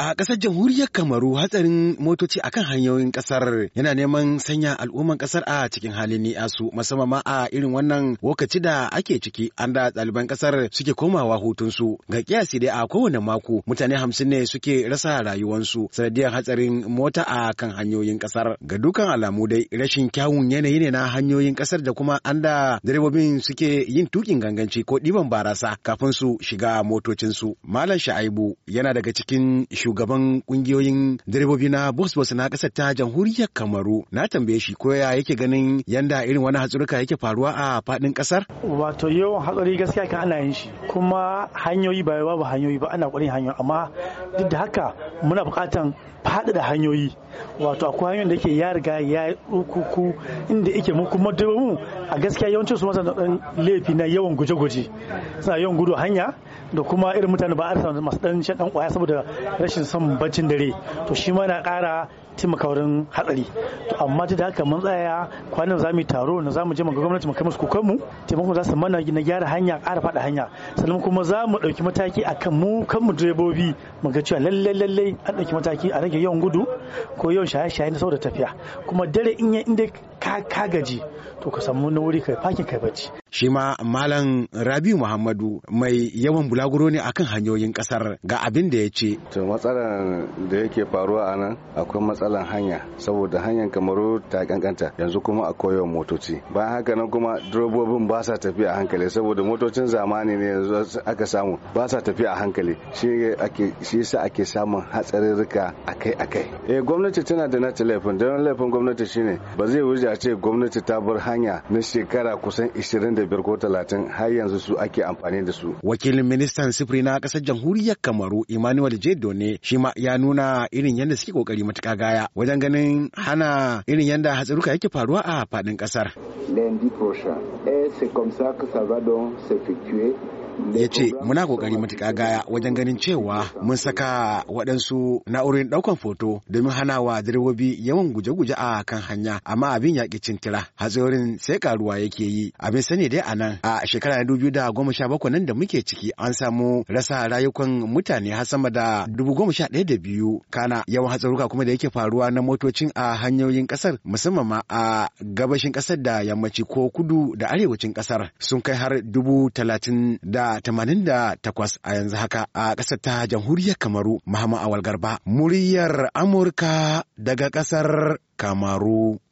A ƙasar jamhuriyar Kamaru hatsarin motoci akan hanyoyin ƙasar yana neman sanya al'umman ƙasar a cikin halin ni'asu musamman ma a irin wannan lokaci da ake ciki an da ɗaliban ƙasar suke komawa hutunsu. Ga kiyasi dai a kowane mako mutane hamsin ne suke rasa rayuwansu sanadiyar hatsarin mota a kan hanyoyin ƙasar. Ga dukan alamu dai rashin kyawun yanayi ne na hanyoyin ƙasar da kuma an da direbobin suke yin tukin ganganci ko ɗiban barasa kafin su shiga motocinsu. Malam Sha'aibu yana daga cikin shu shugaban kungiyoyin direbobi na bus bus na kasar ta jamhuriyar kamaru na tambaye shi ko ya yake ganin yanda irin wani hatsurika yake faruwa a fadin kasar wato yawan hatsari gaskiya kan ana yin shi kuma hanyoyi ba babu hanyoyi ba ana kwarin hanyoyi amma duk da haka muna bukatan faɗaɗa hanyoyi wato akwai hanyoyin da ke ya riga ya rukuku inda yake mu kuma mu a gaskiya yawancin su masu dan laifi na yawan guje-guje suna yawan gudu hanya da kuma irin mutane ba a masu dan shan dan kwaya saboda rashin son baccin dare to shi ma na ƙara taimaka wurin hatsari to amma da haka mun tsaya kwanan za mu taro na za mu je mu gwamnati mu kai musu kukan mu taimakon za su mana na gyara hanya ƙara faɗa hanya sannan kuma za mu ɗauki mataki akan mu kan mu direbobi mu ga cewa lallai lallai an ɗauki mataki a rage yawan gudu ko yawan shaye-shaye na saboda tafiya kuma dare in ya inda ka gaji to ka samu na wuri kai fakin kai bacci shi ma malam rabi muhammadu mai yawan bulaguro ne akan hanyoyin kasar ga abin da ya ce to matsalar da yake faruwa a nan akwai matsalar hanya saboda hanyar kamaru ta kankanta yanzu kuma a koyon motoci bayan haka nan kuma durobobin ba sa tafiya a hankali saboda motocin zamani ne yanzu aka samu ba sa tafiya a hankali shi ake shi yasa ake samun hatsarirrika akai akai eh gwamnati tana da nata laifin don laifin gwamnati shine ba zai wuce a ce gwamnati ta bar hanya na shekara kusan 20 25 ko 30 har yanzu su ake amfani da su wakilin ministan sifiri na kasar jamhuriyar kamaru emmanuel jedo ne shi ma ya nuna irin yadda suke kokari matuka gaya wajen ganin hana irin yadda hatsaruka yake faruwa a faɗin ƙasar lundi prochain eh c'est comme ça que ça va donc s'effectuer ya ce muna kokari matuƙa gaya wajen ganin cewa mun saka waɗansu na'urorin ɗaukan foto domin hana wa direbobi yawan guje-guje a kan hanya amma abin ya cintira tira hatsarin sai karuwa yake yi abin sani dai a nan a shekara na dubu da goma sha bakwai nan da muke ciki an samu rasa rayukan mutane har sama da dubu goma sha ɗaya da biyu kana yawan hatsaruka kuma da yake faruwa na motocin a hanyoyin ƙasar musamman ma a gabashin ƙasar da yammaci ko kudu da arewacin ƙasar sun kai har dubu talatin da Tamaninda takwas a yanzu haka a ƙasar ta jamhuriyar Kamaru Mahama Awal Garba muryar Amurka daga ƙasar Kamaru.